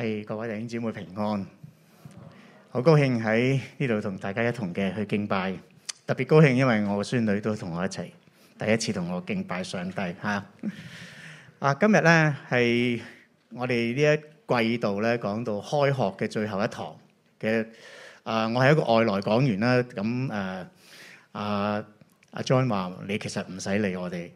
係各位弟兄姊妹平安，好高興喺呢度同大家一同嘅去敬拜，特別高興，因為我嘅孫女都同我一齊，第一次同我敬拜上帝嚇。啊，今日咧係我哋呢一季度咧講到開學嘅最後一堂嘅，啊，我係一個外來講員啦，咁誒，阿阿 John 話你其實唔使理我哋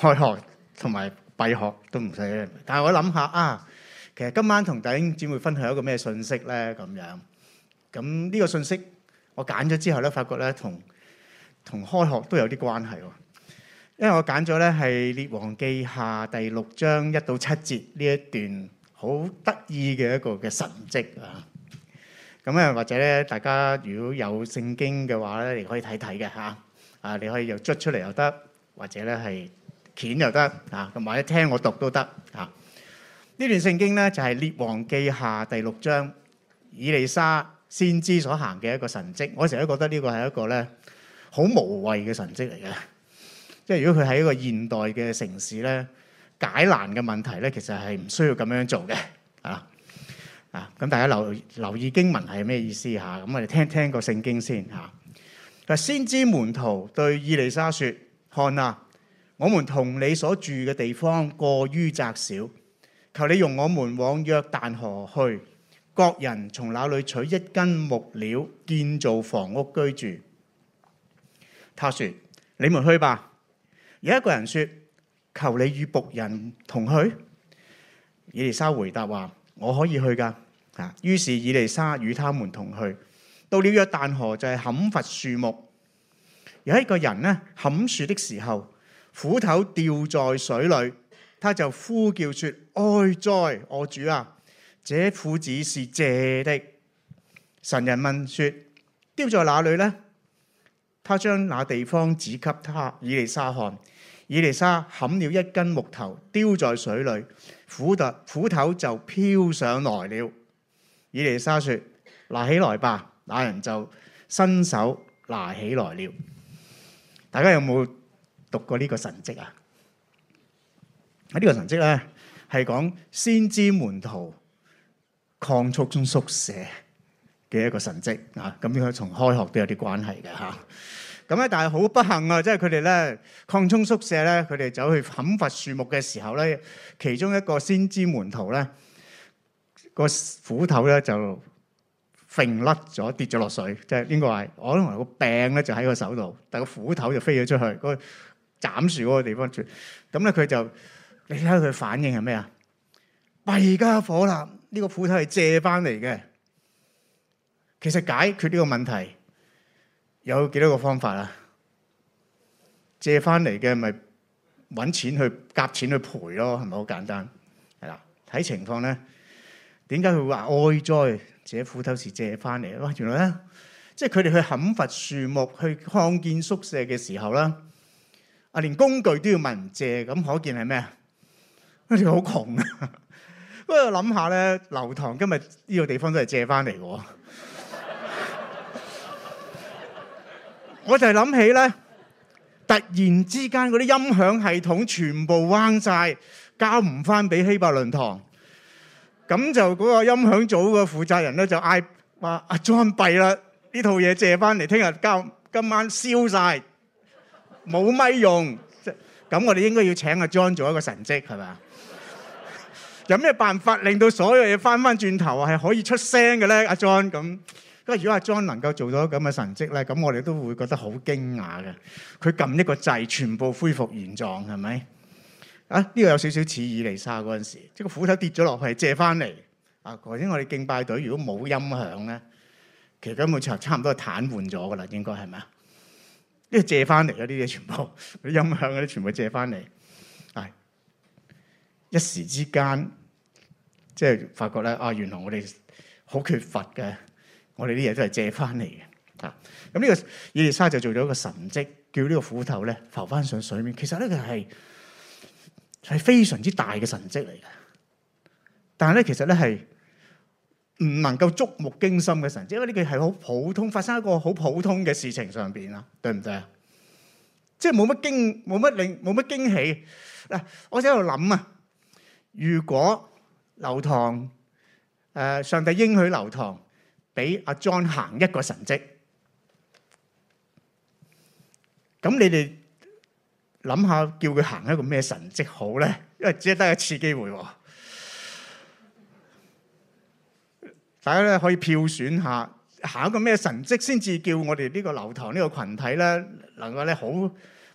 開學同埋閉學都唔使，但係我諗下啊。其實今晚同弟兄姊妹分享一個咩信息咧？咁樣咁呢個信息我揀咗之後咧，發覺咧同同開學都有啲關係喎。因為我揀咗咧係《列王紀下》第六章一到七節呢一段好得意嘅一個嘅神跡啊！咁啊，或者咧大家如果有聖經嘅話咧，你可以睇睇嘅嚇啊！你可以又捽出嚟又得，或者咧係鉗又得啊！咁或者聽我讀都得啊！呢段聖經咧就係、是、列王記下第六章，以利沙先知所行嘅一個神跡。我成日都覺得呢個係一個咧好無謂嘅神跡嚟嘅，即係如果佢喺一個現代嘅城市咧解難嘅問題咧，其實係唔需要咁樣做嘅啊啊！咁、啊啊、大家留留意經文係咩意思吓？咁、啊、我哋聽聽個聖經先吓。嗱、啊，先知門徒對以利沙說：「看啊，我們同你所住嘅地方過於窄小。求你容我們往約旦河去，各人從那裏取一根木料建造房屋居住。他說：你們去吧。有一個人說：求你與僕人同去。以利沙回答話：我可以去㗎。啊，於是以利沙與他們同去。到了約旦河就係砍伐樹木。有一個人呢，砍樹的時候，斧頭掉在水裏。他就呼叫說：哀哉，我主啊！這斧子是借的。神人問說：丟在哪裡呢？他將那地方指給他以利沙看。以利沙砍了一根木頭丟在水裡，斧頭斧頭就飄上來了。以利沙說：拿起來吧！那人就伸手拿起來了。大家有冇讀過呢個神蹟啊？呢、這個神跡咧係講先知門徒擴充中宿舍嘅一個神跡啊！咁應該同開學都有啲關係嘅嚇。咁、啊、咧，但係好不幸啊，即係佢哋咧擴充宿舍咧，佢哋走去砍伐樹木嘅時候咧，其中一個先知門徒咧、個斧頭咧就甩甩咗，跌咗落水，即係應該話可能個柄咧就喺個手度，但個斧頭就飛咗出去，個斬樹嗰個地方住。咁咧佢就～你睇下佢反應係咩啊？弊家伙啦！呢、這個斧頭係借翻嚟嘅。其實解決呢個問題有幾多個方法啊？借翻嚟嘅咪搵錢去夾錢去賠咯，係咪好簡單？係啦，睇情況咧。點解佢會話哀哉？這斧頭是借翻嚟啊！原來咧，即係佢哋去砍伐樹木去擴建宿舍嘅時候啦。啊，連工具都要問借，咁可見係咩啊？好似好窮啊！不過諗下咧，流堂今日呢個地方都係借翻嚟嘅，我就係諗起咧，突然之間嗰啲音響系統全部彎晒，交唔翻俾希伯倫堂，咁就嗰個音響組嘅負責人咧就嗌，話阿 John 閉啦，呢套嘢借翻嚟，聽日交，今晚燒晒，冇咪用。咁我哋應該要請阿 John 做一個神跡，係咪啊？有咩辦法令到所有嘢翻翻轉頭啊？係可以出聲嘅咧，阿 John 咁。咁如果阿 John 能夠做到咁嘅神跡咧，咁我哋都會覺得好驚訝嘅。佢撳一個掣，全部恢復原狀係咪？啊，呢、這個有少少似以利沙嗰陣時，即個斧頭跌咗落去借翻嚟。啊，頭先我哋敬拜隊如果冇音響咧，其實根本場差唔多係癱瘓咗噶啦，應該係咪啊？呢、這個、借翻嚟嘅啲嘢，全部音響嗰啲全部借翻嚟。一時之間，即係發覺咧啊，原來我哋好缺乏嘅，我哋啲嘢都係借翻嚟嘅啊。咁呢個以利沙就做咗一個神跡，叫呢個斧頭咧浮翻上水面。其實呢佢係係非常之大嘅神跡嚟嘅，但係咧，其實咧係唔能夠觸目驚心嘅神跡，因為呢個係好普通，發生一個好普通嘅事情上邊啦，對唔對啊？即係冇乜驚，冇乜令，冇乜驚喜嗱。我就喺度諗啊。如果流堂，誒上帝應許流堂俾阿 John 行一個神蹟，咁你哋諗下叫佢行一個咩神蹟好咧？因為只係得一次機會，大家咧可以票選下行一個咩神蹟先至叫我哋呢個流堂呢個群體咧能夠咧好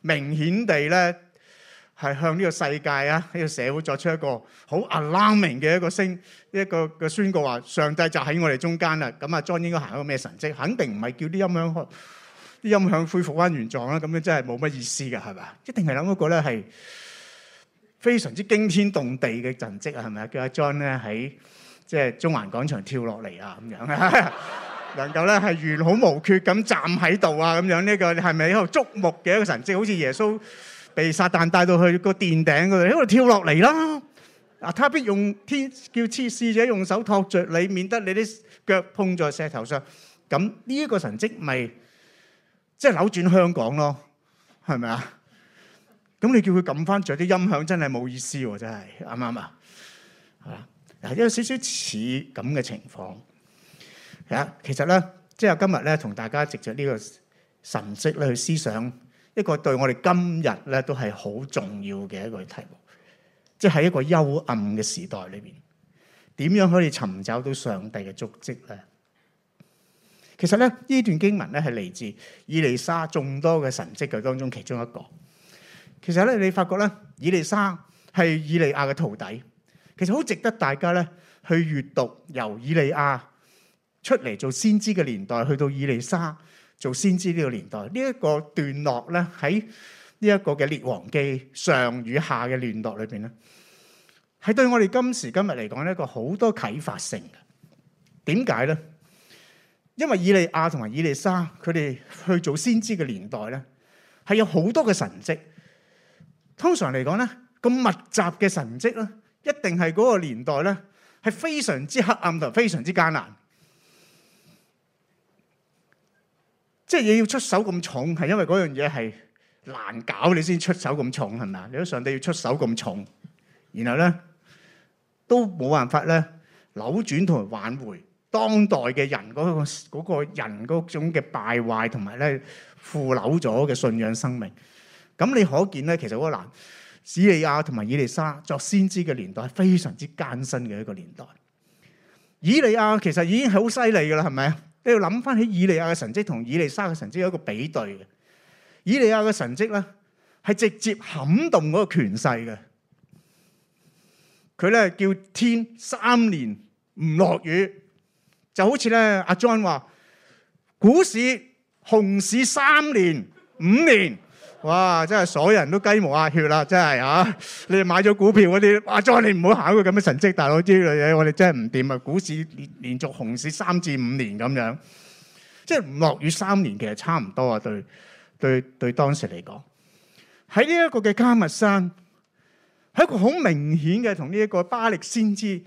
明顯地咧。係向呢個世界啊，呢、這個社會作出一個好 alarming 嘅一個聲，一個嘅宣告話：上帝就喺我哋中間啦。咁阿 John 應該行一個咩神跡？肯定唔係叫啲音響，啲音響恢復翻原狀啦。咁樣真係冇乜意思㗎，係嘛？一定係諗一個咧係非常之驚天動地嘅神跡啊，係咪啊？叫阿 John 咧喺即係中環廣場跳落嚟啊，咁樣啊， 能夠咧係完好無缺咁站喺度啊，咁樣呢、這個係咪一個觸目嘅一個神跡？好似耶穌。被撒旦帶到去個殿頂嗰度喺度跳落嚟啦！啊，他必用天叫施施者用手托著你，免得你啲腳碰在石頭上。咁呢一個神蹟咪即係扭轉香港咯？係咪啊？咁你叫佢撳翻著啲音響，真係冇意思喎！真係啱唔啱啊？係啦，有少少似咁嘅情況。啊，其實咧，即係今日咧，同大家藉著呢個神蹟咧去思想。一個對我哋今日咧都係好重要嘅一個題目，即係一個幽暗嘅時代裏邊，點樣可以尋找到上帝嘅足跡咧？其實咧呢段經文咧係嚟自以利沙眾多嘅神蹟嘅當中其中一個。其實咧你發覺咧，以利沙係以利亞嘅徒弟，其實好值得大家咧去閱讀由以利亞出嚟做先知嘅年代，去到以利沙。做先知呢個年代，呢一個段落咧喺呢一個嘅列王記上與下嘅段落裏邊咧，係對我哋今時今日嚟講，一個好多啟發性嘅。點解咧？因為以利亞同埋以利沙佢哋去做先知嘅年代咧，係有好多嘅神蹟。通常嚟講咧，咁密集嘅神蹟咧，一定係嗰個年代咧係非常之黑暗同非常之艱難。即係你要出手咁重，係因為嗰樣嘢係難搞你才，你先出手咁重係咪？你都上帝要出手咁重，然後咧都冇辦法咧扭轉同埋挽回當代嘅人嗰、嗰個、嗰個人嗰種嘅敗壞，同埋咧腐朽咗嘅信仰生命。咁你可見咧，其實嗰個難，以利亞同埋以利沙作先知嘅年代係非常之艱辛嘅一個年代。以利亞其實已經係好犀利噶啦，係咪啊？你要諗翻起以利亞嘅神迹同以利沙嘅神蹟有一個比對嘅，以利亞嘅神蹟呢係直接撼動嗰個權勢嘅，佢呢叫天三年唔落雨，就好似呢阿 John 話，股市熊市三年五年。哇！真係所有人都雞毛鴨血啦，真係啊！你哋買咗股票嗰啲，哇！再你唔好考佢咁嘅成績，大佬之類嘢，我哋真係唔掂啊！股市連連續熊市三至五年咁樣，即係唔落雨三年，其實差唔多啊！對對對，對當時嚟講，喺呢一個嘅迦密山，係一個好明顯嘅同呢一個巴力先知，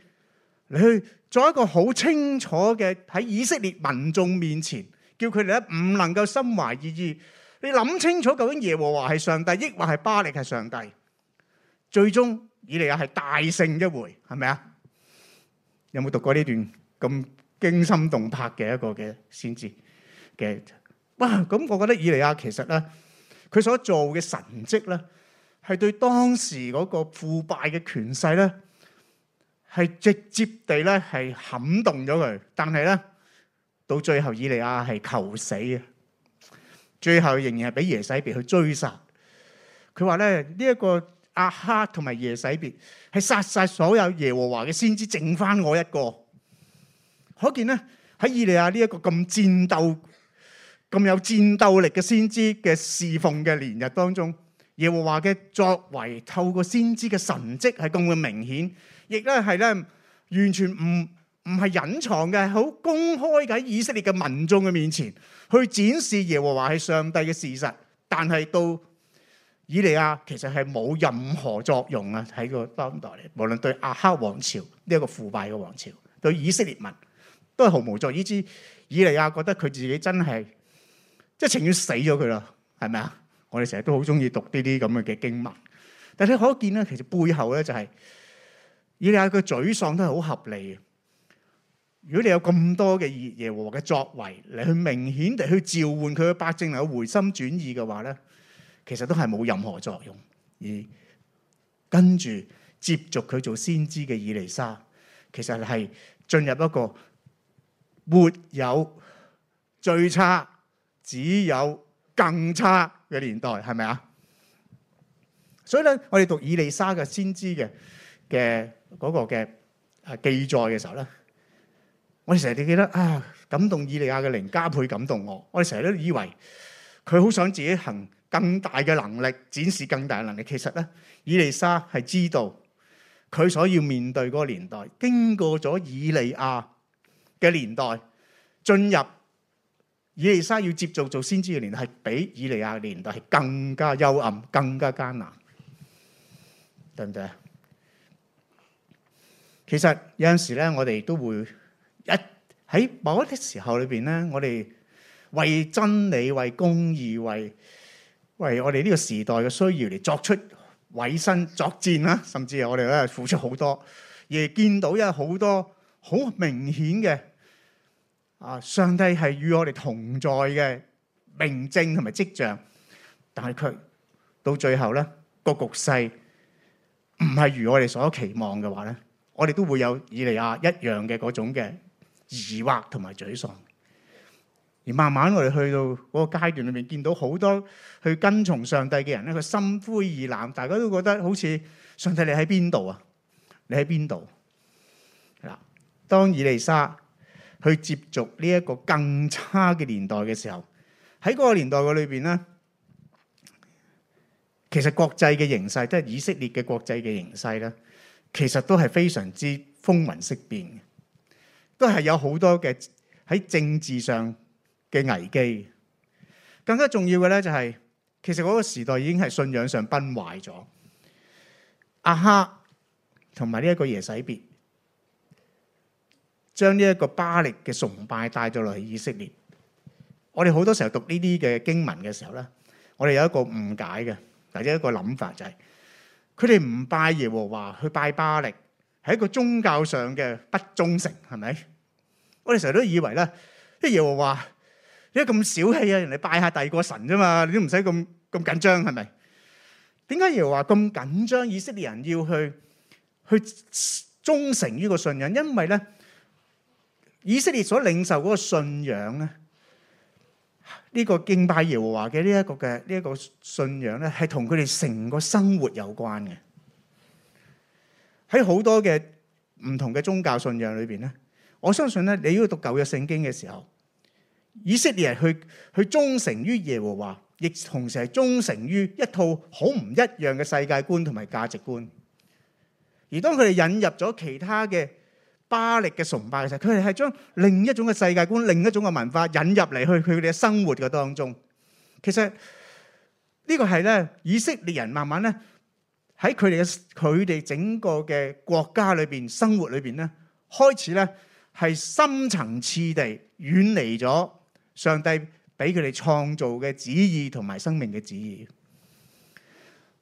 你去作一個好清楚嘅喺以色列民眾面前，叫佢哋唔能夠心懷二意。你諗清楚究竟耶和華係上帝，抑或係巴力係上帝？最終以利亞係大勝一回，係咪啊？有冇讀過呢段咁驚心動魄嘅一個嘅先知嘅？哇！咁我覺得以利亞其實咧，佢所做嘅神迹咧，係對當時嗰個腐敗嘅權勢咧，係直接地咧係撼動咗佢。但係咧，到最後以利亞係求死嘅。最後仍然係俾耶洗別去追殺。佢話咧，呢一個亞哈同埋耶洗別係殺晒所有耶和華嘅先知，剩返我一個。可見咧，喺以利亞呢一個咁戰鬥、咁有戰鬥力嘅先知嘅侍奉嘅年日當中，耶和華嘅作為透過先知嘅神蹟係咁嘅明顯，亦都係咧完全唔。唔係隱藏嘅，好公開嘅喺以色列嘅民眾嘅面前去展示耶和華係上帝嘅事實。但係到以利亞其實係冇任何作用啊！喺個當代嚟，無論對亞哈王朝呢一、這個腐敗嘅王朝，對以色列民都係毫無作用。知以利亞覺得佢自己真係即係情願死咗佢啦，係咪啊？我哋成日都好中意讀呢啲咁嘅嘅經文，但你可見咧，其實背後咧就係、是、以利亞嘅沮喪都係好合理嘅。如果你有咁多嘅耶和華嘅作為嚟去明顯地去召喚佢嘅百姓能夠回心轉意嘅話咧，其實都係冇任何作用。而跟住接續佢做先知嘅以利沙，其實係進入一個沒有最差，只有更差嘅年代，係咪啊？所以咧，我哋讀以利沙嘅先知嘅嘅嗰個嘅啊記載嘅時候咧。我哋成日都記得啊，感動以利亞嘅靈加倍感動我。我哋成日都以為佢好想自己行更大嘅能力，展示更大嘅能力。其實咧，以利沙係知道佢所要面對嗰個年代，經過咗以利亞嘅年代，進入以利沙要接續做先知嘅年代，係比以利亞嘅年代係更加幽暗、更加艱難，對唔對啊？其實有陣時咧，我哋都會。一喺某一啲時候裏邊咧，我哋為真理、為公義、為為我哋呢個時代嘅需要嚟作出委身作戰啦，甚至我哋咧，付出好多，而見到有好多好明顯嘅啊，上帝係與我哋同在嘅明證同埋跡象。但係佢到最後咧，個局勢唔係如我哋所期望嘅話咧，我哋都會有以利亞一樣嘅嗰種嘅。疑惑同埋沮喪，而慢慢我哋去到嗰個階段裏面，見到好多去跟從上帝嘅人咧，佢心灰意冷，大家都覺得好似上帝你喺邊度啊？你喺邊度嗱？當以利沙去接續呢一個更差嘅年代嘅時候，喺嗰個年代嘅裏邊咧，其實國際嘅形勢即係以色列嘅國際嘅形勢咧，其實都係非常之風雲色變嘅。都係有好多嘅，喺政治上嘅危機，更加重要嘅咧就係，其實嗰個時代已經係信仰上崩壞咗。阿哈同埋呢一個耶洗別，將呢一個巴力嘅崇拜帶咗落去以色列。我哋好多時候讀呢啲嘅經文嘅時候咧，我哋有一個誤解嘅，或者一個諗法就係，佢哋唔拜耶和華，去拜巴力。係一個宗教上嘅不忠誠，係咪？我哋成日都以為咧，即係耶和華你咁小氣啊，人哋拜下第二個神啫嘛，你都唔使咁咁緊張，係咪？點解耶和華咁緊張以色列人要去去忠誠於個信仰？因為咧，以色列所領受嗰個信仰咧，呢個敬拜耶和華嘅呢一個嘅呢一個信仰咧，係同佢哋成個生活有關嘅。喺好多嘅唔同嘅宗教信仰裏邊咧，我相信咧，你呢度讀舊約聖經嘅時候，以色列人去去忠誠於耶和華，亦同時係忠誠於一套好唔一樣嘅世界觀同埋價值觀。而當佢哋引入咗其他嘅巴力嘅崇拜嘅時候，佢哋係將另一種嘅世界觀、另一種嘅文化引入嚟去佢哋嘅生活嘅當中。其實、這個、呢個係咧以色列人慢慢咧。喺佢哋嘅佢哋整個嘅國家裏邊，生活裏邊咧，開始咧係深層次地遠離咗上帝俾佢哋創造嘅旨意同埋生命嘅旨意。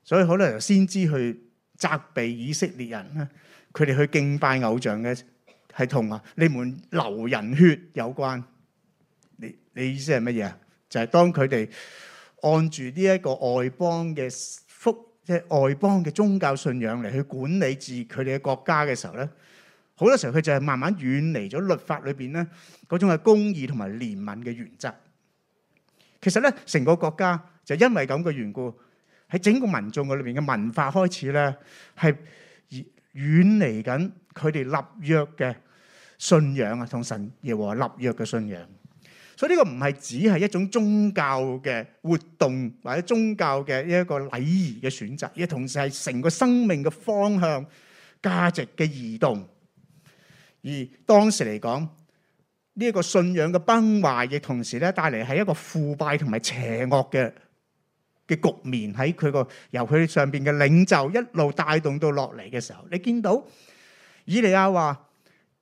所以可能就先知去責備以色列人啦，佢哋去敬拜偶像嘅係同啊你們流人血有關。你你意思係乜嘢啊？就係、是、當佢哋按住呢一個外邦嘅福。即外邦嘅宗教信仰嚟去管理治佢哋嘅國家嘅時候咧，好多時候佢就係慢慢遠離咗律法裏邊咧嗰種嘅公義同埋憐憫嘅原則。其實咧，成個國家就因為咁嘅緣故，喺整個民眾嘅裏邊嘅文化開始咧係遠離緊佢哋立約嘅信仰啊，同神耶和華立約嘅信仰。所以呢個唔係只係一種宗教嘅活動或者宗教嘅一個禮儀嘅選擇，亦同時係成個生命嘅方向、價值嘅移動。而當時嚟講，呢一個信仰嘅崩壞，亦同時咧帶嚟係一個腐敗同埋邪惡嘅嘅局面。喺佢個由佢上邊嘅領袖一路帶動到落嚟嘅時候，你見到以利亞話。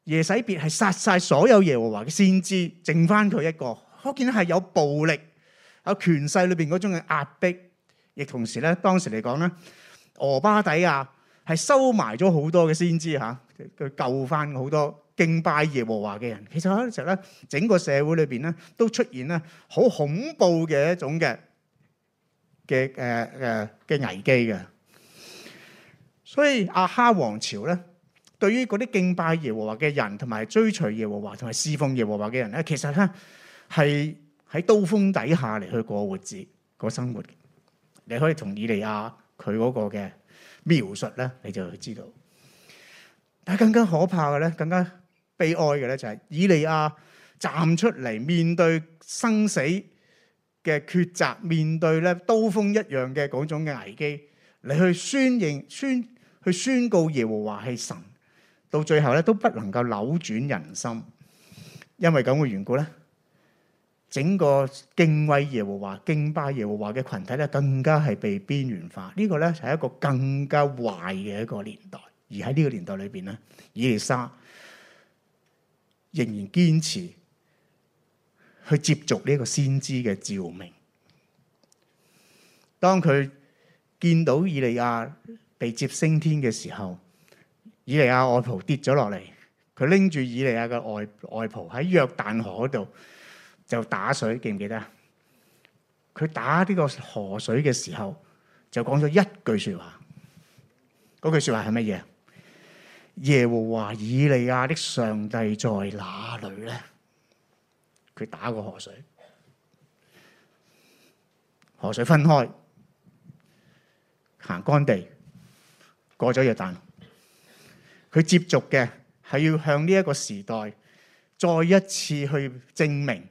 耶洗別係殺晒所有耶和華嘅先知，剩翻佢一個，可見係有暴力、有權勢裏邊嗰種嘅壓迫，亦同時咧，當時嚟講咧，俄巴底亞係收埋咗好多嘅先知吓，佢救翻好多敬拜耶和華嘅人。其實嗰時咧，整個社會裏邊咧都出現咧好恐怖嘅一種嘅嘅誒誒嘅危機嘅。所以阿哈王朝咧。對於嗰啲敬拜耶和華嘅人，同埋追隨耶和華同埋侍奉耶和華嘅人咧，其實咧係喺刀鋒底下嚟,去過活著過生活的。你可以同以利亞佢嗰個嘅描述咧，你就會知道。但係更加可怕嘅咧，更加悲哀嘅咧，就係以利亞站出嚟面對生死嘅抉擇，面對咧刀鋒一樣嘅嗰種嘅危機，嚟去宣認宣去宣告耶和華係神。到最後咧都不能夠扭轉人心，因為咁嘅緣故咧，整個敬畏耶和華、敬拜耶和華嘅群體咧，更加係被邊緣化。呢個咧係一個更加壞嘅一個年代。而喺呢個年代裏邊咧，以利沙仍然堅持去接續呢一個先知嘅召命。當佢見到以利亞被接升天嘅時候，以利亞外袍跌咗落嚟，佢拎住以利亞嘅外外袍喺約旦河度就打水，記唔記得？佢打呢個河水嘅時候就講咗一句說話，嗰句說話係乜嘢？耶和華以利亞的上帝在哪裏咧？佢打過河水，河水分開，行乾地，過咗約旦。佢接觸嘅係要向呢一個時代再一次去證明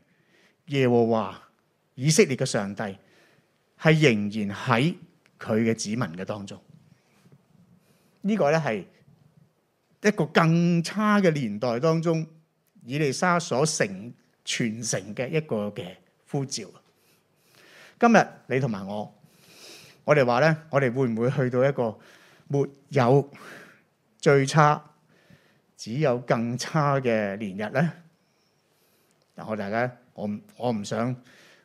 耶和華以色列嘅上帝係仍然喺佢嘅子民嘅當中。呢、這個咧係一個更差嘅年代當中，以利沙所成傳承嘅一個嘅呼召。今日你同埋我，我哋話咧，我哋會唔會去到一個沒有？最差，只有更差嘅年日咧。嗱，我大家，我我唔想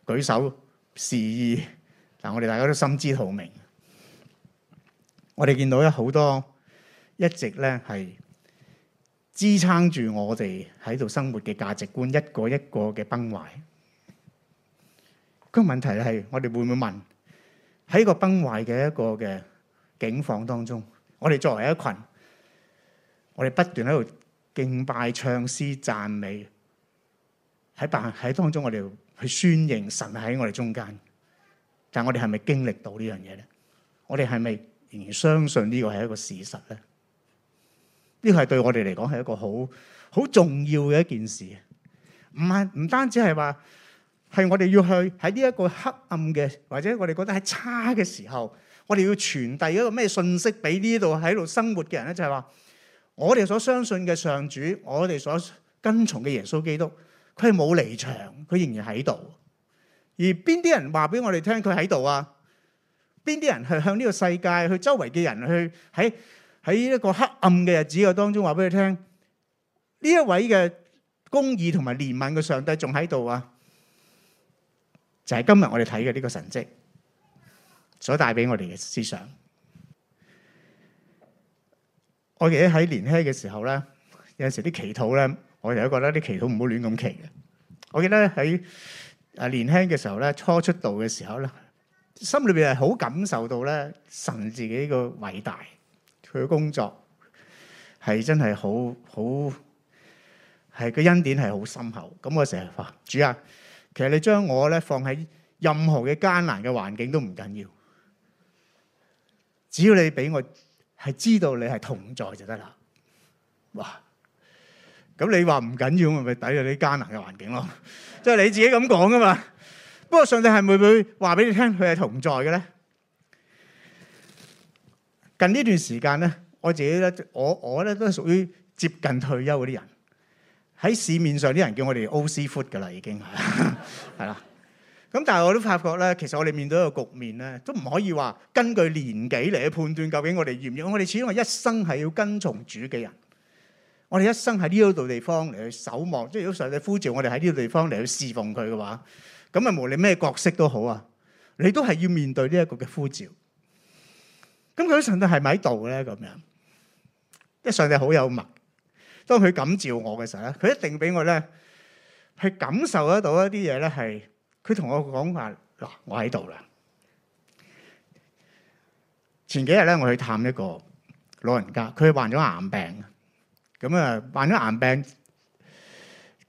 舉手示意。嗱，我哋大家都心知肚明。我哋見到有好多一直咧係支撐住我哋喺度生活嘅價值觀，一個一個嘅崩壞。個問題係，我哋會唔會問喺個崩壞嘅一個嘅境況當中，我哋作為一群……我哋不斷喺度敬拜、唱詩、讚美，喺辦喺當中，我哋去宣揚神喺我哋中間。但係我哋係咪經歷到呢樣嘢咧？我哋係咪仍然相信呢個係一個事實咧？呢個係對我哋嚟講係一個好好重要嘅一件事。唔係唔單止係話，係我哋要去喺呢一個黑暗嘅，或者我哋覺得係差嘅時候，我哋要傳遞一個咩信息俾呢度喺度生活嘅人咧？就係話。我哋所相信嘅上主，我哋所跟從嘅耶穌基督，佢係冇離場，佢仍然喺度。而邊啲人話俾我哋聽佢喺度啊？邊啲人去向呢個世界、去周圍嘅人去、去喺喺一個黑暗嘅日子嘅當中話俾佢聽，呢一位嘅公義同埋憐憫嘅上帝仲喺度啊？就係、是、今日我哋睇嘅呢個神蹟所帶俾我哋嘅思想。我記得喺年輕嘅時候咧，有陣時啲祈禱咧，我就覺得啲祈禱唔好亂咁祈嘅。我記得喺啊年輕嘅時候咧，初出道嘅時候咧，心裏邊係好感受到咧神自己個偉大，佢嘅工作係真係好好，係個恩典係好深厚。咁我成日話主啊，其實你將我咧放喺任何嘅艱難嘅環境都唔緊要，只要你俾我。係知道你係同在就得啦。哇！咁你話唔緊要咪咪抵到啲艱難嘅環境咯。即係你自己咁講噶嘛。不過上帝係咪會話俾你聽佢係同在嘅咧？近呢段時間咧，我自己咧，我我咧都係屬於接近退休嗰啲人。喺市面上啲人叫我哋 OC food 噶啦，已經係啦。咁但係我都發覺咧，其實我哋面對一個局面咧，都唔可以話根據年紀嚟去判斷究竟我哋要唔要。我哋始終係一生係要跟從主嘅人，我哋一生喺呢度地方嚟去守望。即係如果上帝呼召我哋喺呢個地方嚟去侍奉佢嘅話，咁啊無論咩角色都好啊，你都係要面對呢一個嘅呼召。咁佢上帝係咪喺度咧？咁樣，即係上帝好有默。當佢感召我嘅時候咧，佢一定俾我咧去感受得到一啲嘢咧係。佢同我講話：嗱，我喺度啦。前幾日咧，我去探一個老人家，佢患咗癌病。咁啊，患咗癌病，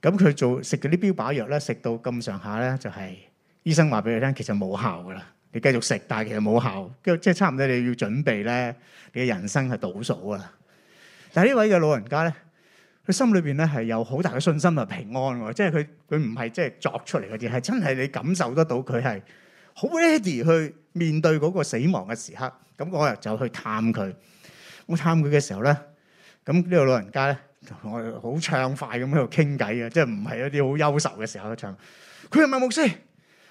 咁佢做食嗰啲標靶藥咧，食到咁上下咧，就係醫生話俾佢聽，其實冇效噶啦。你繼續食，但係其實冇效。跟住即係差唔多，你要準備咧，你嘅人生係倒數噶啦。但係呢位嘅老人家咧，佢心裏邊咧係有好大嘅信心同平安喎，即係佢佢唔係即係作出嚟嗰啲，係真係你感受得到佢係好 ready 去面對嗰個死亡嘅時刻。咁嗰日就去探佢，我探佢嘅時候咧，咁呢個老人家咧，我哋好暢快咁喺度傾偈呀，即係唔係一啲好憂愁嘅時候都唱。佢係咪牧師？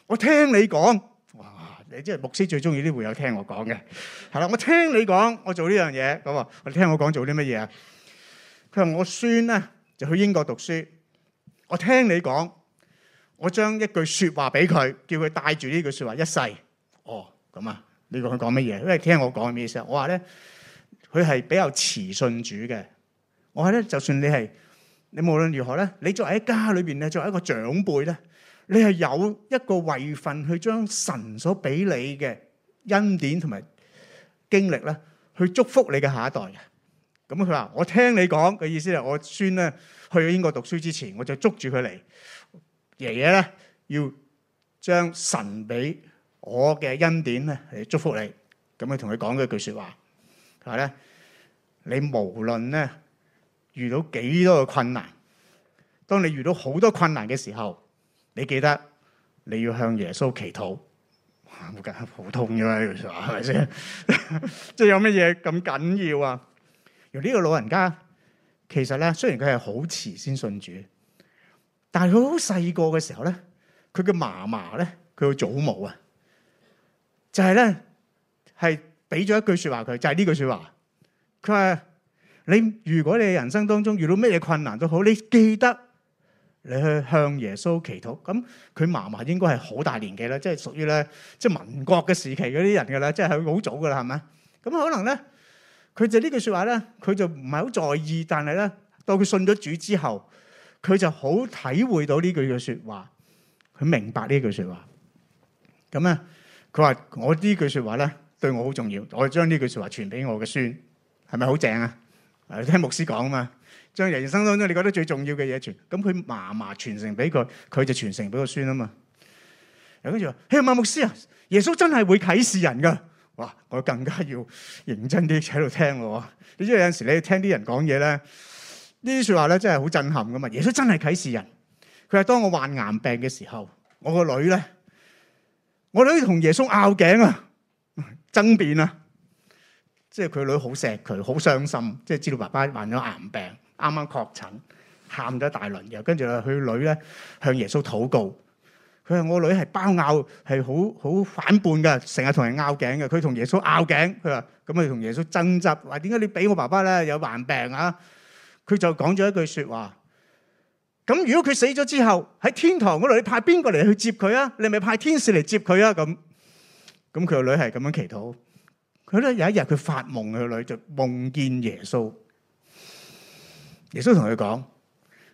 我聽你講，哇！你即係牧師最中意啲會友聽我講嘅，係啦。我聽你講，我做呢樣嘢。咁啊，你聽我講做啲乜嘢啊？佢話：我孫咧就去英國讀書。我聽你講，我將一句説話俾佢，叫佢帶住呢句説話一世。哦，咁啊，你講佢講乜嘢？因為聽我講咩意思，我話咧，佢係比較慈信主嘅。我話咧，就算你係你無論如何咧，你作為喺家裏邊咧，作為一個長輩咧，你係有一個位份去將神所俾你嘅恩典同埋經歷咧，去祝福你嘅下一代嘅。咁佢話：我聽你講嘅意思係，我孫咧去英國讀書之前，我就捉住佢嚟，爺爺咧要將神俾我嘅恩典咧嚟祝福你。咁佢同佢講咗句說話，佢話咧，你無論咧遇到幾多嘅困難，當你遇到好多困難嘅時候，你記得你要向耶穌祈禱。唔夠普通啫嘛，呢句說話係咪先？即係有乜嘢咁緊要啊？由、這、呢個老人家，其實咧，雖然佢係好遲先信主，但係佢好細個嘅時候咧，佢嘅嫲嫲咧，佢嘅祖母啊，就係咧係俾咗一句說話佢，就係、是、呢句說話。佢話：你如果你人生當中遇到咩嘢困難都好，你記得你去向耶穌祈禱。咁佢嫲嫲應該係好大年紀啦，即、就、係、是、屬於咧即係民國嘅時期嗰啲人噶啦，即係佢好早噶啦，係咪？咁可能咧。佢就呢句說話咧，佢就唔係好在意，但係咧，當佢信咗主之後，佢就好體會到呢句嘅說話，佢明白呢句說話。咁、嗯、啊，佢話我呢句說話咧對我好重要，我將呢句說話傳俾我嘅孫，係咪好正啊？聽牧師講啊嘛，將人生當中你覺得最重要嘅嘢傳，咁佢嫲嫲傳承俾佢，佢就傳承俾個孫啊嘛。又跟住話：嘿啊，牧師啊，耶穌真係會啟示人噶。哇！我更加要認真啲喺度聽咯喎，因為有陣時你聽啲人講嘢咧，呢啲説話咧真係好震撼㗎嘛！耶穌真係啟示人，佢係當我患癌病嘅時候，我個女咧，我女同耶穌拗頸啊，爭辯啊，即係佢女好錫佢，好傷心，即係知道爸爸患咗癌病，啱啱確診，喊咗一大輪又跟住佢女咧向耶穌禱告。佢話我女，係包拗，係好好反叛噶，成日同人拗頸嘅。佢同耶穌拗頸，佢話咁咪同耶穌爭執，話點解你俾我爸爸咧有患病啊？佢就講咗一句說話。咁如果佢死咗之後喺天堂嗰度，你派邊個嚟去接佢啊？你咪派天使嚟接佢啊？咁咁佢個女係咁樣祈禱。佢咧有一日佢發夢，佢個女就夢見耶穌。耶穌同佢講：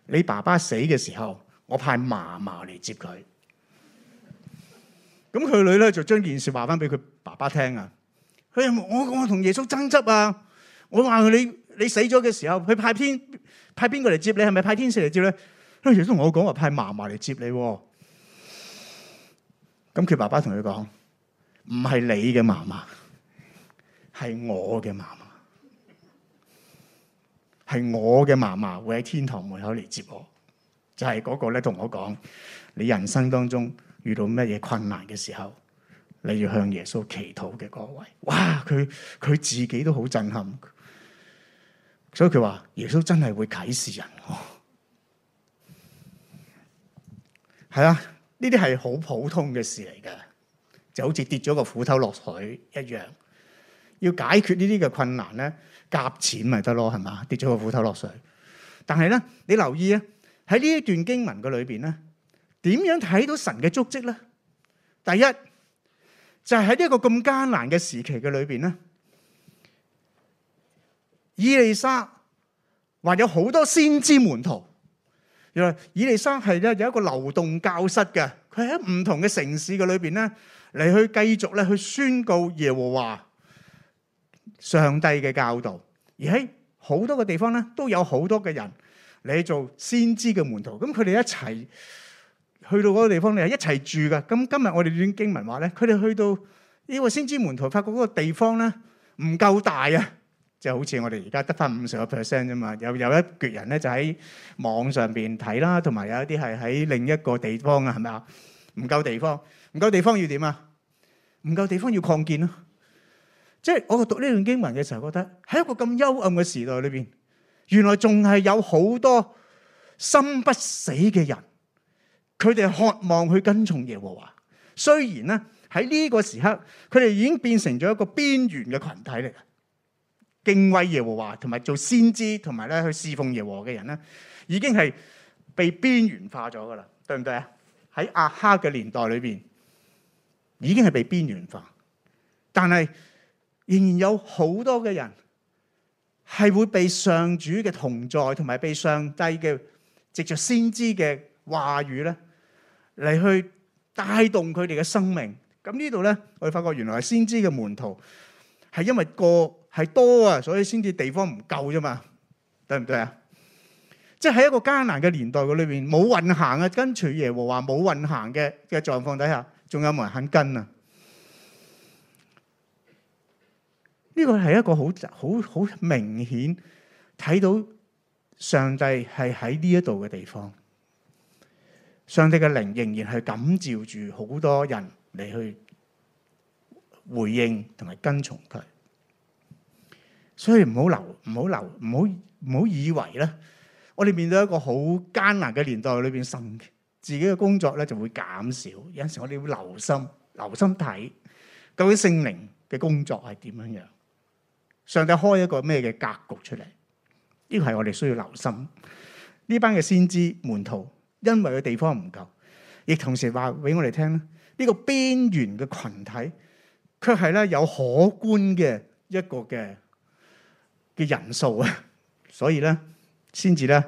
你爸爸死嘅時候，我派嫲嫲嚟接佢。咁佢女咧就將件事話翻俾佢爸爸聽啊！佢話我我同耶穌爭執啊！我話你你死咗嘅時候，佢派天派邊個嚟接你係咪派天使嚟接咧？耶穌同我講，話派媽媽嚟接你喎。咁佢爸爸同佢講：唔係你嘅媽媽，係我嘅媽媽，係我嘅媽媽會喺天堂門口嚟接我。就係嗰個咧同我講：你人生當中，遇到乜嘢困難嘅時候，你要向耶穌祈禱嘅各位，哇！佢佢自己都好震撼，所以佢話耶穌真係會啟示人。我 係啊，呢啲係好普通嘅事嚟嘅，就好似跌咗個斧頭落水一樣。要解決呢啲嘅困難咧，夾錢咪得咯，係嘛？跌咗個斧頭落水，但係咧，你留意啊，喺呢一段經文嘅裏邊咧。點樣睇到神嘅足跡咧？第一就係喺呢一個咁艱難嘅時期嘅裏邊咧，以利沙還有好多先知門徒。原來以利沙係咧有一個流動教室嘅，佢喺唔同嘅城市嘅裏邊咧嚟，去繼續咧去宣告耶和華上帝嘅教導，而喺好多嘅地方咧都有好多嘅人嚟做先知嘅門徒，咁佢哋一齊。去到嗰個地方你係一齊住噶。咁今日我哋呢段經文話咧，佢哋去到呢個先知門徒發覺嗰個地方咧，唔夠大啊，就好似我哋而家得翻五十個 percent 啫嘛。有有一橛人咧就喺網上邊睇啦，同埋有一啲係喺另一個地方啊，係咪啊？唔夠地方，唔夠地方要點啊？唔夠地方要擴建咯。即係我讀呢段經文嘅時候，覺得喺一個咁幽暗嘅時代裏邊，原來仲係有好多心不死嘅人。佢哋渴望去跟從耶和華，雖然咧喺呢個時刻，佢哋已經變成咗一個邊緣嘅群體嚟嘅，敬畏耶和華同埋做先知同埋咧去侍奉耶和華嘅人咧，已經係被邊緣化咗噶啦，對唔對啊？喺亞哈嘅年代裏邊，已經係被邊緣化，但係仍然有好多嘅人係會被上主嘅同在同埋被上帝嘅藉着先知嘅話語咧。嚟去帶動佢哋嘅生命，咁呢度咧，我哋發覺原來係先知嘅門徒，係因為個係多啊，所以先至地方唔夠啫嘛，對唔對啊？即係喺一個艱難嘅年代嘅裏邊，冇運行啊，跟隨耶和華冇運行嘅嘅狀況底下，仲有冇人肯跟啊？呢個係一個好好好明顯睇到上帝係喺呢一度嘅地方。上帝嘅靈仍然係感召住好多人嚟去回應同埋跟從佢，所以唔好留，唔好留，唔好唔好以為咧，我哋面對一個好艱難嘅年代裏邊，神自己嘅工作咧就會減少。有陣時我哋會留心，留心睇究竟聖靈嘅工作係點樣樣。上帝開一個咩嘅格局出嚟，呢個係我哋需要留心。呢班嘅先知門徒。因為個地方唔夠，亦同時話俾我哋聽咧，呢、呢個邊緣嘅群體，卻係咧有可觀嘅一個嘅嘅人數啊，所以咧先至咧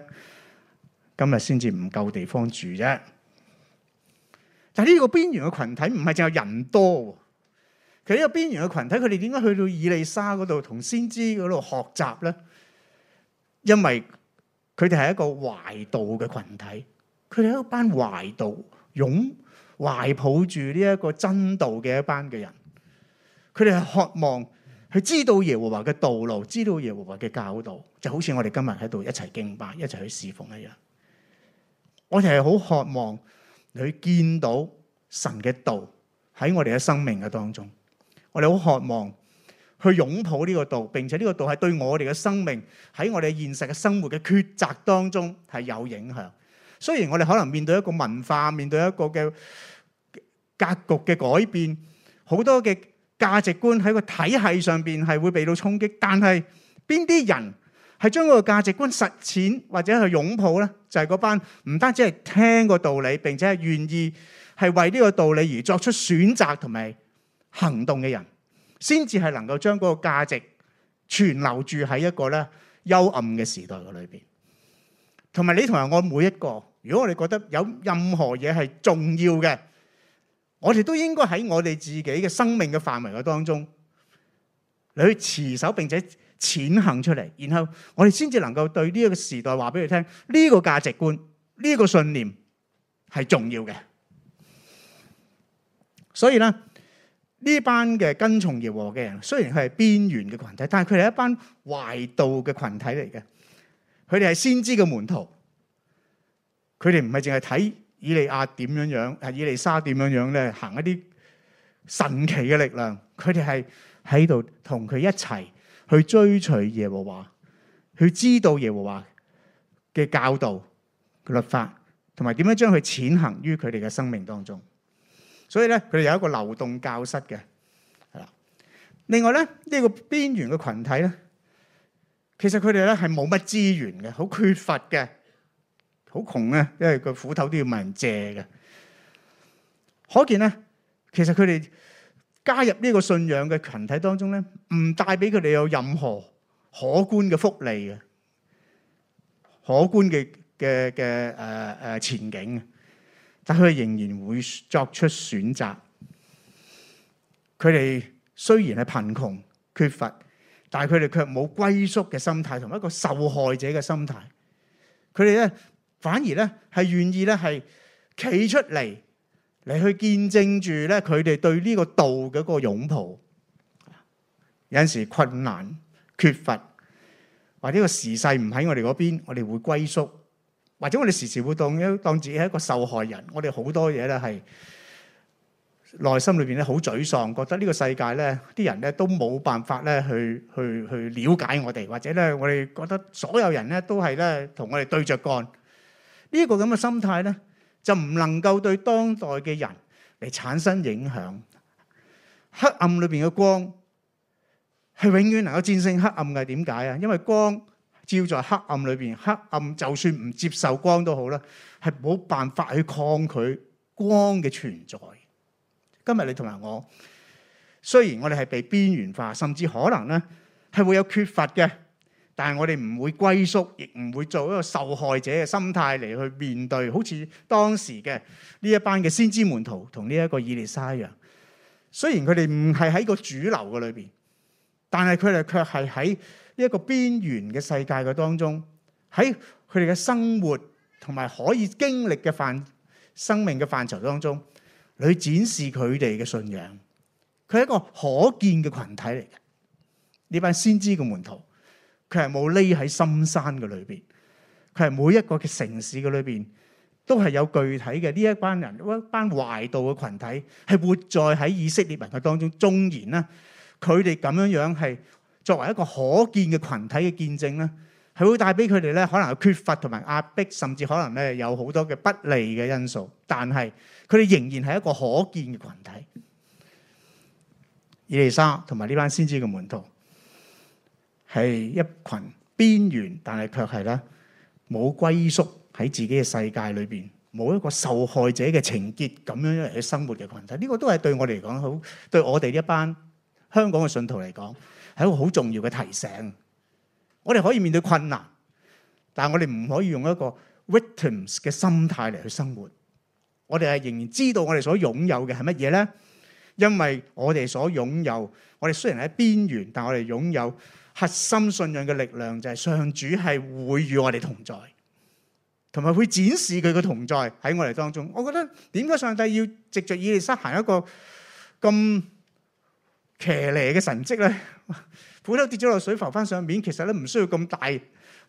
今日先至唔夠地方住啫。但呢個邊緣嘅群體，唔係淨係人多，其實呢個邊緣嘅群，群體，佢哋點解去到以利沙嗰度同先知嗰度學習咧？因為佢哋係一個懷道嘅群體。佢哋係一班懷度、擁懷抱住呢一個真道嘅一班嘅人，佢哋係渴望去知道耶和華嘅道路，知道耶和華嘅教導，就好似我哋今日喺度一齊敬拜、一齊去侍奉一樣。我哋係好渴望去見到神嘅道喺我哋嘅生命嘅當中，我哋好渴望去擁抱呢個道，並且呢個道係對我哋嘅生命喺我哋現實嘅生活嘅抉擇當中係有影響。雖然我哋可能面對一個文化、面對一個嘅格局嘅改變，好多嘅價值觀喺個體系上邊係會被到衝擊，但係邊啲人係將嗰個價值觀實踐或者去擁抱呢？就係、是、嗰班唔單止係聽個道理，並且係願意係為呢個道理而作出選擇同埋行動嘅人，先至係能夠將嗰個價值存留住喺一個咧幽暗嘅時代嘅裏邊。同埋你同埋我每一個。如果我哋覺得有任何嘢係重要嘅，我哋都應該喺我哋自己嘅生命嘅範圍嘅當中，嚟去持守並且踐行出嚟，然後我哋先至能夠對呢一個時代話俾佢聽，呢個價值觀、呢、呢個信念係重要嘅。所以咧，呢班嘅跟從耶和嘅人，雖然佢係邊緣嘅群體，但係佢哋係一班懷道嘅群體嚟嘅，佢哋係先知嘅門徒。佢哋唔係淨係睇以利亞點樣樣，誒以利沙點樣樣咧，行一啲神奇嘅力量。佢哋係喺度同佢一齊去追隨耶和華，去知道耶和華嘅教導、律法，同埋點樣將佢踐行於佢哋嘅生命當中。所以咧，佢哋有一個流動教室嘅，係啦。另外咧，呢、這個邊緣嘅群體咧，其實佢哋咧係冇乜資源嘅，好缺乏嘅。好窮咧，因為個斧頭都要問人借嘅。可見咧，其實佢哋加入呢個信仰嘅群體當中咧，唔帶俾佢哋有任何可觀嘅福利嘅，可觀嘅嘅嘅誒誒前景啊！但佢哋仍然會作出選擇。佢哋雖然係貧窮缺乏，但係佢哋卻冇歸宿嘅心態，同一個受害者嘅心態。佢哋咧。反而咧係願意咧係企出嚟，嚟去見證住咧佢哋對呢個道嗰個擁抱。有陣時困難缺乏，或者個時勢唔喺我哋嗰邊，我哋會歸宿，或者我哋時時會當一當自己係一個受害人。我哋好多嘢咧係內心裏邊咧好沮喪，覺得呢個世界咧啲人咧都冇辦法咧去去去瞭解我哋，或者咧我哋覺得所有人咧都係咧同我哋對着幹。呢個咁嘅心態咧，就唔能夠對當代嘅人嚟產生影響。黑暗裏邊嘅光係永遠能夠戰勝黑暗嘅，點解啊？因為光照在黑暗裏邊，黑暗就算唔接受光都好啦，係冇辦法去抗拒光嘅存在。今日你同埋我，雖然我哋係被邊緣化，甚至可能咧係會有缺乏嘅。但係我哋唔會歸宿，亦唔會做一個受害者嘅心態嚟去面對，好似當時嘅呢一班嘅先知門徒同呢一個以利沙一樣。雖然佢哋唔係喺個主流嘅裏邊，但係佢哋卻係喺呢一個邊緣嘅世界嘅當中，喺佢哋嘅生活同埋可以經歷嘅範生命嘅範疇當中，去展示佢哋嘅信仰。佢係一個可見嘅群體嚟嘅，呢班先知嘅門徒。佢係冇匿喺深山嘅裏邊，佢係每一個嘅城市嘅裏邊都係有具體嘅呢一班人，一班懷道嘅群體，係活在喺以色列人嘅當中。縱然咧，佢哋咁樣樣係作為一個可見嘅群體嘅見證咧，係會帶俾佢哋咧可能缺乏同埋壓迫，甚至可能咧有好多嘅不利嘅因素。但係佢哋仍然係一個可見嘅群體。以利沙同埋呢班先知嘅門徒。係一群邊緣，但係卻係咧冇歸宿喺自己嘅世界裏邊，冇一個受害者嘅情結咁樣嚟去生活嘅群體。呢、這個都係對我嚟講好，對我哋呢一班香港嘅信徒嚟講，係一個好重要嘅提醒。我哋可以面對困難，但係我哋唔可以用一個 victims 嘅心態嚟去生活。我哋係仍然知道我哋所擁有嘅係乜嘢咧？因為我哋所擁有，我哋雖然喺邊緣，但係我哋擁有核心信仰嘅力量就係上主係會與我哋同在，同埋會展示佢嘅同在喺我哋當中。我覺得點解上帝要藉着以利沙行一個咁騎呢嘅神蹟咧？斧頭跌咗落水浮翻上面，其實咧唔需要咁大，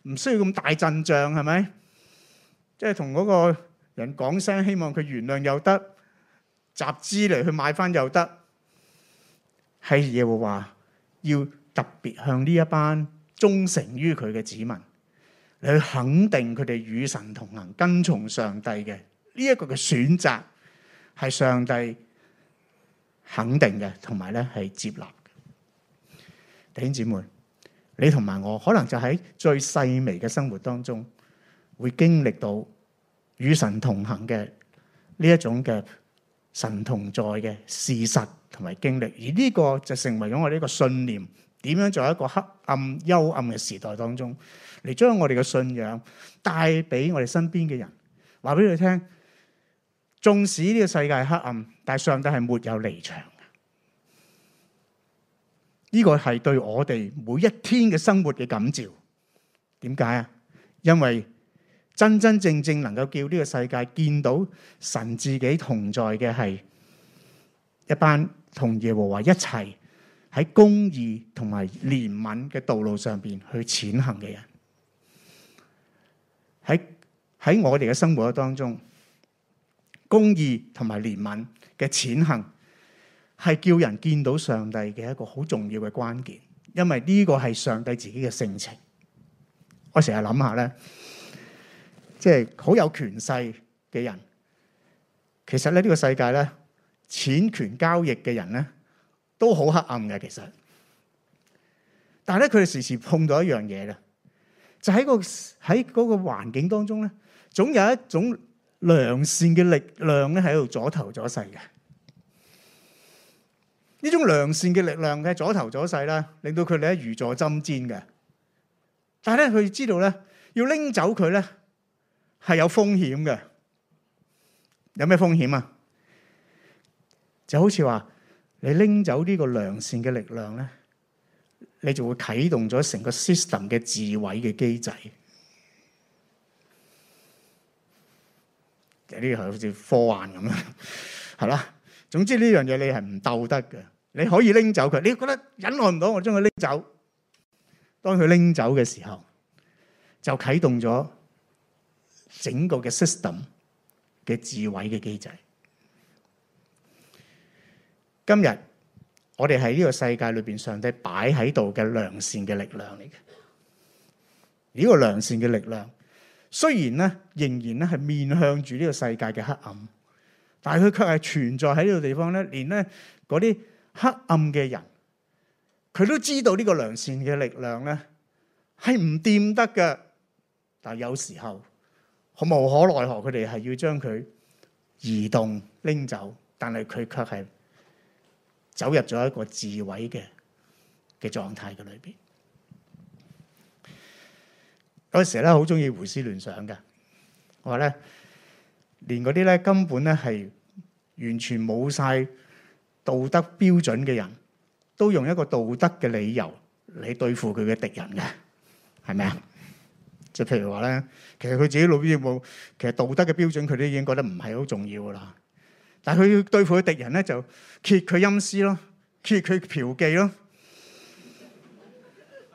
唔需要咁大陣仗，係咪？即係同嗰個人講聲希望佢原諒又得，集資嚟去買翻又得，係耶和華要。特別向呢一班忠誠於佢嘅子民，你去肯定佢哋與神同行、跟從上帝嘅呢一個嘅選擇，係上帝肯定嘅，同埋咧係接納弟兄姊妹。你同埋我可能就喺最細微嘅生活當中，會經歷到與神同行嘅呢一種嘅神同在嘅事實同埋經歷，而呢個就成為咗我呢個信念。點樣在一個黑暗幽暗嘅時代當中，嚟將我哋嘅信仰帶俾我哋身邊嘅人，話俾佢聽。縱使呢個世界黑暗，但係上帝係沒有離場。呢個係對我哋每一天嘅生活嘅感召。點解啊？因為真真正正能夠叫呢個世界見到神自己同在嘅，係一班同耶和華一齊。喺公義同埋憐憫嘅道路上邊去踐行嘅人在，喺喺我哋嘅生活當中，公義同埋憐憫嘅踐行係叫人見到上帝嘅一個好重要嘅關鍵，因為呢個係上帝自己嘅性情，我想想。我成日諗下咧，即係好有權勢嘅人，其實咧呢個世界咧，錢權交易嘅人咧。都好黑暗嘅，其實，但係咧，佢哋時時碰到一樣嘢嘅，就喺個喺嗰個環境當中咧，總有一種良善嘅力量咧，喺度阻頭阻勢嘅。呢種良善嘅力量嘅阻頭阻勢啦，令到佢哋咧如坐針氈嘅。但係咧，佢哋知道咧要拎走佢咧係有風險嘅，有咩風險啊？就好似話。你拎走呢個良善嘅力量呢，你就會啟動咗成個 system 嘅自毀嘅機制。呢啲好似科幻咁樣，係啦。總之呢樣嘢你係唔道德嘅。你可以拎走佢，你覺得忍耐唔到，我將佢拎走。當佢拎走嘅時候，就啟動咗整個嘅 system 嘅自毀嘅機制。今日我哋喺呢個世界裏邊，上帝擺喺度嘅良善嘅力量嚟嘅。呢個良善嘅力量，雖然咧仍然咧係面向住呢個世界嘅黑暗，但係佢卻係存在喺呢個地方咧。連咧嗰啲黑暗嘅人，佢都知道呢個良善嘅力量咧係唔掂得嘅。但係有時候，好無可奈何，佢哋係要將佢移動拎走，但係佢卻係。走入咗一個自毀嘅嘅狀態嘅裏邊，嗰時咧好中意胡思亂想嘅。我話咧，連嗰啲咧根本咧係完全冇晒道德標準嘅人，都用一個道德嘅理由嚟對付佢嘅敵人嘅，係咪啊？就係、譬如話咧，其實佢自己老表業務，其實道德嘅標準佢都已經覺得唔係好重要噶啦。但佢對付嘅敵人咧，就揭佢陰私咯，揭佢嫖妓咯。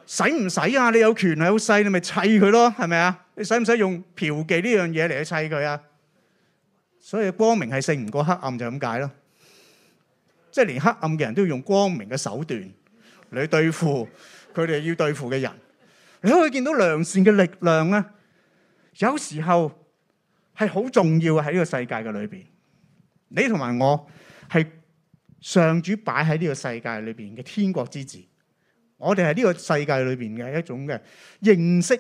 使唔使啊？你有權係好細，你咪砌佢咯，係咪啊？你使唔使用嫖妓呢樣嘢嚟去砌佢啊？所以光明係勝唔過黑暗，就咁解咯。即係連黑暗嘅人都要用光明嘅手段嚟對付佢哋要對付嘅人。你可以見到良善嘅力量咧，有時候係好重要喺呢個世界嘅裏邊。你同埋我係上主擺喺呢個世界裏邊嘅天國之子，我哋係呢個世界裏邊嘅一種嘅認識。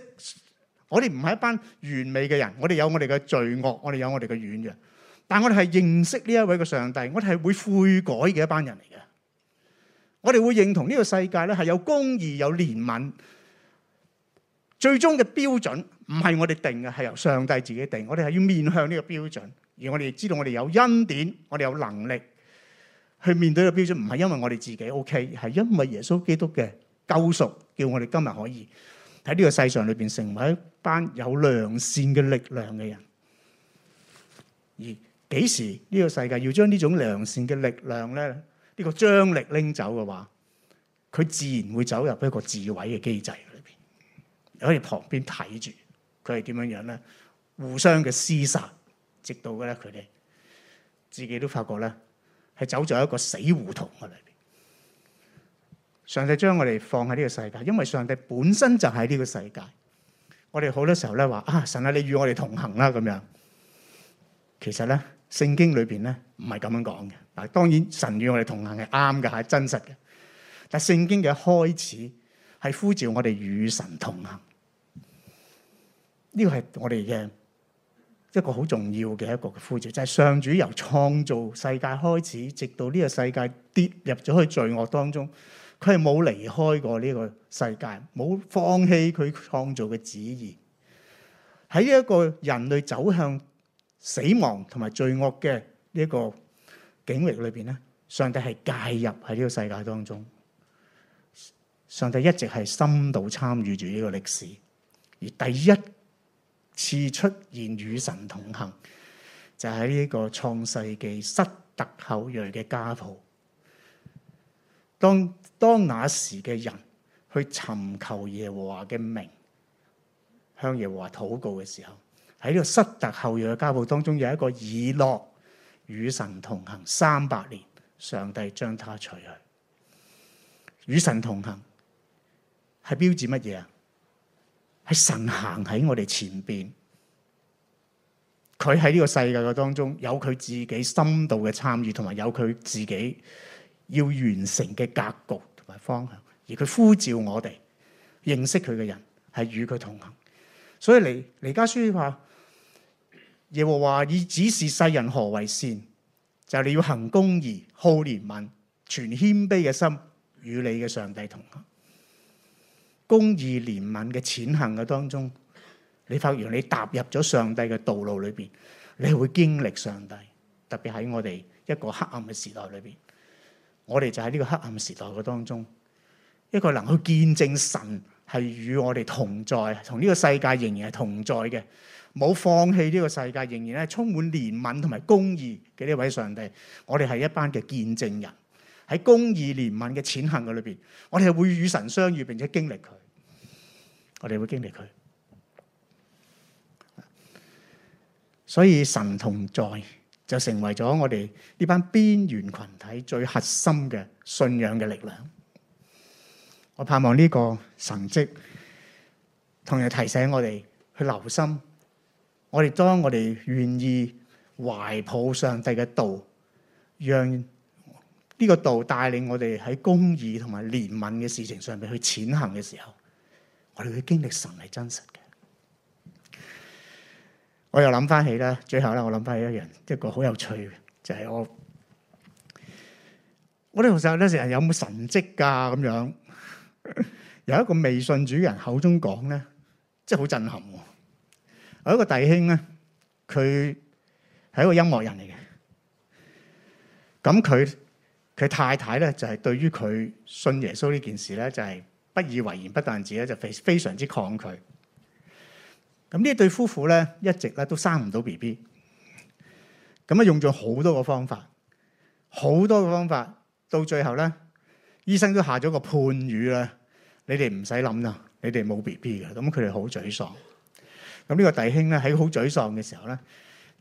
我哋唔係一班完美嘅人，我哋有我哋嘅罪惡，我哋有我哋嘅軟弱。但我哋係認識呢一位嘅上帝，我哋係會悔改嘅一班人嚟嘅。我哋會認同呢個世界咧係有公義、有憐憫。最終嘅標準唔係我哋定嘅，係由上帝自己定。我哋係要面向呢個標準。而我哋知道我哋有恩典，我哋有能力去面對嘅標準，唔係因為我哋自己 OK，係因為耶穌基督嘅救贖，叫我哋今日可以喺呢個世上裏邊成為一班有良善嘅力量嘅人。而幾時呢個世界要將呢種良善嘅力量咧，呢個張力拎走嘅話，佢自然會走入一個自毀嘅機制裏邊，可以旁邊睇住佢係點樣樣咧，互相嘅廝殺。直到嘅咧，佢哋自己都發覺咧，係走咗一個死胡同嘅裏邊。上帝將我哋放喺呢個世界，因為上帝本身就喺呢個世界。我哋好多時候咧話啊，神啊，你與我哋同行啦，咁樣。其實咧，聖經裏邊咧唔係咁樣講嘅。嗱，當然神與我哋同行係啱嘅，係真實嘅。但係聖經嘅開始係呼召我哋與神同行。呢個係我哋嘅。一個好重要嘅一個呼召，就係上主由創造世界開始，直到呢個世界跌入咗去罪惡當中，佢係冇離開過呢個世界，冇放棄佢創造嘅旨意。喺呢一個人類走向死亡同埋罪惡嘅呢一個境遇裏邊咧，上帝係介入喺呢個世界當中。上帝一直係深度參與住呢個歷史，而第一次出現與神同行，就喺、是、呢個創世記塞特後裔嘅家譜。當當那時嘅人去尋求耶和華嘅名，向耶和華禱告嘅時候，喺呢個塞特後裔嘅家譜當中，有一個以諾與神同行三百年，上帝將他取去。與神同行係標誌乜嘢啊？係神行喺我哋前邊，佢喺呢個世界嘅當中有佢自己深度嘅參與，同埋有佢自己要完成嘅格局同埋方向，而佢呼召我哋認識佢嘅人係與佢同行。所以彌迦書話：耶和華以指示世人何為善，就係你要行公義、好憐憫、存謙卑嘅心，與你嘅上帝同行。公義、憐憫嘅踐行嘅當中，你發現你踏入咗上帝嘅道路裏邊，你會經歷上帝。特別喺我哋一個黑暗嘅時代裏邊，我哋就喺呢個黑暗時代嘅當中，一個能去見證神係與我哋同在，同呢個世界仍然係同在嘅，冇放棄呢個世界，仍然係充滿憐憫同埋公義嘅呢位上帝，我哋係一班嘅見證人。喺公義憐憫嘅踐行裏邊，我哋係會與神相遇，並且經歷佢。我哋會經歷佢，所以神同在就成為咗我哋呢班邊緣群體最核心嘅信仰嘅力量。我盼望呢個神蹟，同樣提醒我哋去留心，我哋當我哋願意懷抱上帝嘅道，讓。呢、這個道帶領我哋喺公義同埋憐憫嘅事情上面去前行嘅時候，我哋會經歷神係真實嘅。我又諗翻起啦，最後啦、就是，我諗翻起一樣一個好有趣嘅，就係我我哋同候有啲人有冇神蹟噶、啊、咁樣，有一個微信主人口中講咧，真係好震撼。我有一個弟兄咧，佢係一個音樂人嚟嘅，咁佢。佢太太咧就係對於佢信耶穌呢件事咧就係不以為然不但止咧就非非常之抗拒。咁呢對夫婦咧一直咧都生唔到 B B。咁啊用咗好多個方法，好多個方法到最後咧，醫生都下咗個判語啦，你哋唔使諗啦，你哋冇 B B 嘅，咁佢哋好沮喪。咁呢個弟兄咧喺好沮喪嘅時候咧，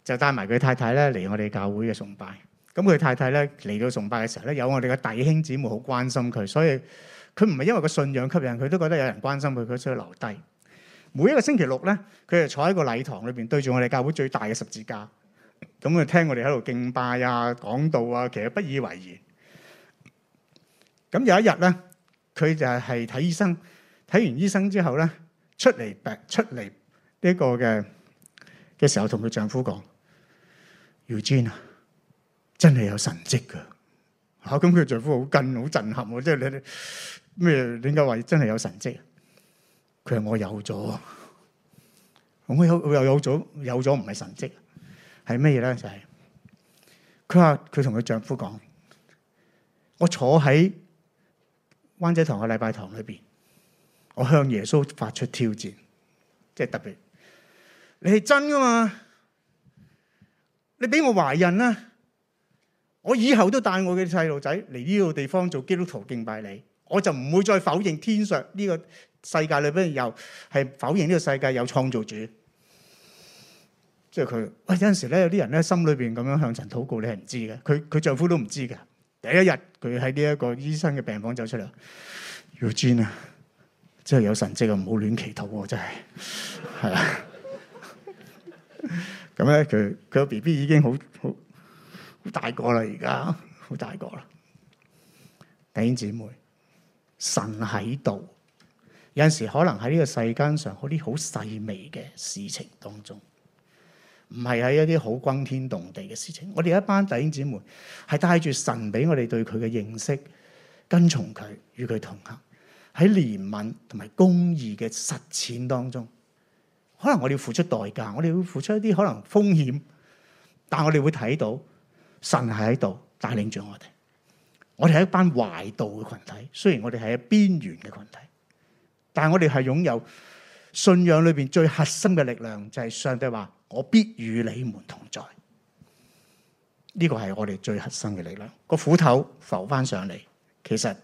就帶埋佢太太咧嚟我哋教會嘅崇拜。咁佢太太咧嚟到崇拜嘅時候咧，有我哋嘅弟兄姊妹好關心佢，所以佢唔係因為個信仰吸引佢，佢都覺得有人關心佢，佢出去留低。每一個星期六咧，佢就坐喺個禮堂裏邊，對住我哋教會最大嘅十字架，咁佢聽我哋喺度敬拜啊、講道啊，其實不以為然。咁有一日咧，佢就係睇醫生，睇完醫生之後咧，出嚟病出嚟呢個嘅嘅時候，同佢丈夫講 Joan 啊。真係有神蹟噶吓，咁佢丈夫好近，好震撼，即係你咩？點解話真係有神蹟？佢話我有咗，我有又有咗，有咗唔係神蹟，係咩嘢咧？就係佢話佢同佢丈夫講：我坐喺灣仔堂嘅禮拜堂裏邊，我向耶穌發出挑戰，即係特別，你係真噶嘛？你俾我懷孕啦，啊！我以後都帶我嘅細路仔嚟呢個地方做基督徒敬拜你，我就唔會再否認天上呢個世界裏邊又係否認呢個世界有創造主。即係佢，喂有陣時咧，有啲人咧，心裏邊咁樣向神禱告，你係唔知嘅。佢佢丈夫都唔知嘅。第一日佢喺呢一個醫生嘅病房走出嚟，Joan 啊，真係有神跡啊！唔好亂祈禱喎，真係係啊。咁咧，佢佢個 B B 已經好好。好大個啦，而家好大個啦，弟兄姊妹，神喺度，有陣時可能喺呢個世間上，嗰啲好細微嘅事情當中，唔係喺一啲好轟天動地嘅事情。我哋一班弟兄姊妹係帶住神俾我哋對佢嘅認識，跟從佢，與佢同行，喺憐憫同埋公義嘅實踐當中，可能我哋要付出代價，我哋要付出一啲可能風險，但係我哋會睇到。神喺度帶領住我哋，我哋係一班懷道嘅群體，雖然我哋係喺邊緣嘅群體，但係我哋係擁有信仰裏邊最核心嘅力量，就係上帝話：我必與你們同在。呢個係我哋最核心嘅力量。個斧頭浮翻上嚟，其實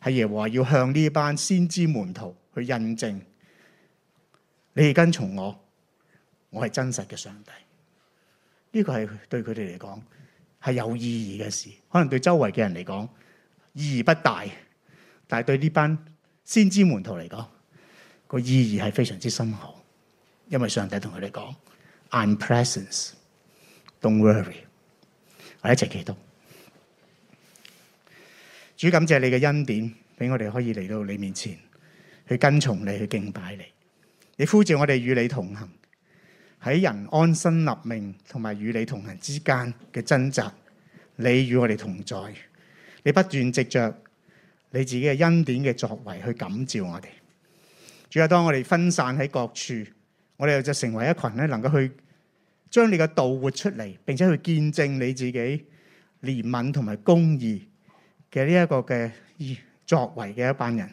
係耶和華要向呢班先知門徒去印證：你哋跟從我，我係真實嘅上帝。呢個係對佢哋嚟講，係有意義嘅事，可能對周圍嘅人嚟講意義不大，但係對呢班先知門徒嚟講，個意義係非常之深厚。因為上帝同佢哋講：I'm presence, don't worry。我一齊祈禱。主感謝你嘅恩典，俾我哋可以嚟到你面前，去跟從你，去敬拜你。你呼召我哋與你同行。喺人安身立命同埋與你同行之間嘅掙扎，你與我哋同在，你不斷藉着你自己嘅恩典嘅作為去感召我哋。主啊，當我哋分散喺各處，我哋就成為一群咧，能夠去將你嘅道活出嚟，並且去見證你自己憐憫同埋公義嘅呢一個嘅作為嘅一班人。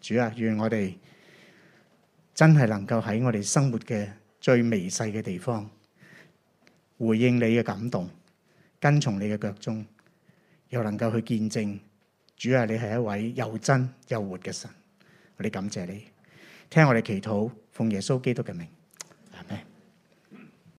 主啊，願我哋真係能夠喺我哋生活嘅。最微細嘅地方，回應你嘅感動，跟從你嘅腳蹤，又能夠去見證主啊，你係一位又真又活嘅神，我哋感謝你，聽我哋祈禱，奉耶穌基督嘅名。